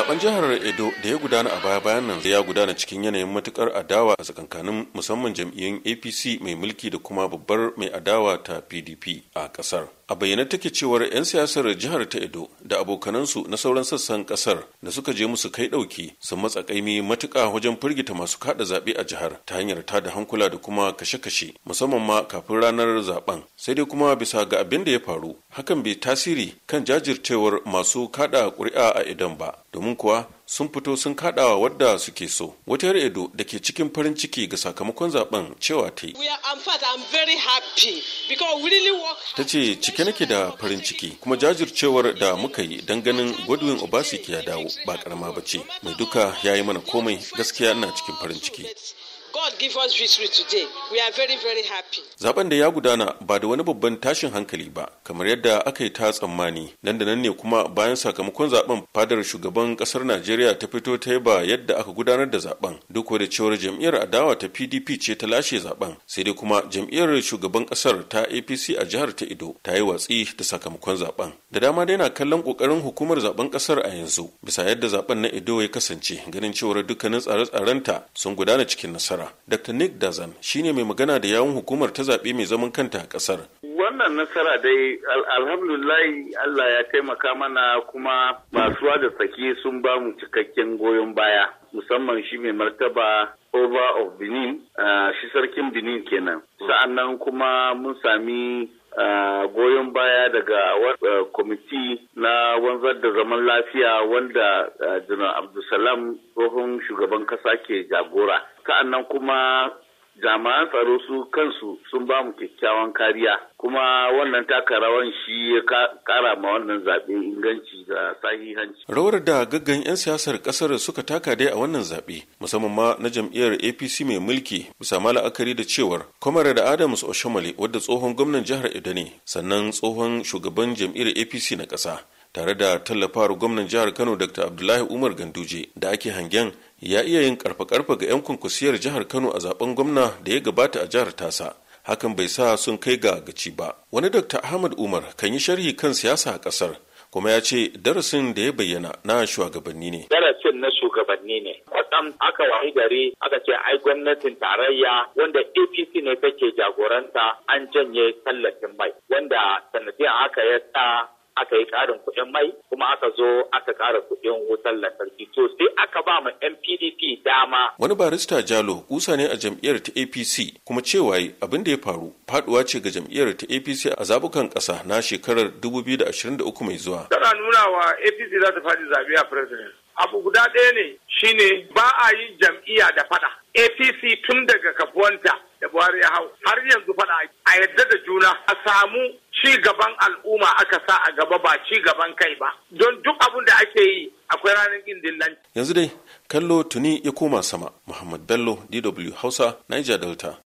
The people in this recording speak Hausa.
zaben jihar edo da ya gudana a baya bayan nan ya gudana cikin yanayin matukar adawa a tsakankanin musamman jam'iyyun apc mai mulki da kuma babbar mai adawa ta pdp a kasar a bayyana take cewar 'yan siyasar jihar ta edo da abokanansu na sauran sassan kasar da suka je musu kai dauki sun matsa kaimi matuka wajen firgita masu kada zaɓe a jihar ta hanyar ta da hankula da kuma kashe-kashe musamman ma kafin ranar zaben sai dai kuma bisa ga abin da ya faru hakan bai tasiri kan jajircewar masu kada ƙuri'a a idan ba domin kuwa sun fito sun kaɗawa wadda suke so wata yar edo da ke cikin farin ciki ga sakamakon zaben cewa ta yi ta ce cike nake da farin ciki kuma jajircewar da muka yi don ganin godwin obasiki ya dawo ba karama ba ce mai duka ya yi mana komai gaskiya ina cikin farin ciki God give us victory today. We are very very happy. Zaben da ya gudana ba da wani babban tashin hankali ba kamar yadda aka yi ta tsammani. Nan da nan ne kuma bayan sakamakon zaben fadar shugaban kasar Najeriya ta fito ta ba yadda aka gudanar da zaben. Duk da cewar jam'iyyar adawa ta PDP ce ta lashe zaben. Sai dai kuma jam'iyyar shugaban kasar ta APC a jihar ta Ido ta yi watsi da sakamakon zaben. Da dama dai na kallon kokarin hukumar zaben kasar a yanzu bisa yadda zaben na Ido ya kasance ganin cewar dukkanin tsare-tsarenta sun gudana cikin nasara. Dr. Nick Dazan shine mai magana da yawun hukumar ta zaɓe mai zaman kanta a ƙasar. Wannan nasara dai alhamdulillahi Allah ya taimaka mana kuma basuwa da saki sun ba mu cikakken goyon baya musamman shi mai martaba over of Benin shi sarkin Benin kenan. Sa'annan kuma mun sami goyon baya daga kwamiti na wanzar da zaman lafiya wanda janar abdulsalam tsohon shugaban kasa ke jagora sa'an nan kuma jami'an tsaro su kansu sun ba mu kyakkyawan kariya kuma wannan taka rawan shi ya kara ma wannan zaɓe inganci da sahihanci. Rawar da gaggan 'yan siyasar ƙasar suka taka dai a wannan zaɓe musamman ma na jam'iyyar APC mai mulki bisa ma la'akari da cewar Kwamare da Adams Oshomale wadda tsohon gwamnan jihar Edo ne sannan tsohon shugaban jam'iyyar APC na ƙasa. tare da tallafawar gwamnan jihar kano dr abdullahi umar ganduje da ake hangen ya iya yin karfa-karfa ga 'yan kunkusiyar jihar kano a zaben gwamna da ya gabata a jihar tasa hakan bai sa sun kai ga gaci ba wani dr ahmad umar kan yi sharhi kan siyasa a kasar kuma ya ce darasin da ya bayyana na shugabanni ne. Darasin na shugabanni ne. Kwatsam aka wayi gari aka ce ai gwamnatin tarayya wanda APC ne take jagoranta an janye tallafin mai wanda sanadiyar aka ya sa aka yi karin kuɗin mai kuma aka zo aka kara kuɗin wutar lantarki to sai aka ba mu NPDP dama. Wani barista Jalo kusa ne a jam'iyyar ta APC kuma cewa abin da ya faru faduwa ce ga jam'iyyar ta APC a zabukan ƙasa na shekarar 2023 mai zuwa. Tana nuna wa APC za ta faɗi zaɓe a president. Abu guda ɗaya ne shine ba a yi jam'iyya da faɗa. APC tun daga kafuwanta da Buhari ya hau har yanzu faɗa a yadda da juna a samu ci gaban al'umma aka sa a gaba ba ci gaban kai ba don duk abin da ake yi akwai ranar indin nan. yanzu dai kallo tuni ya koma sama muhammad bello dw hausa niger delta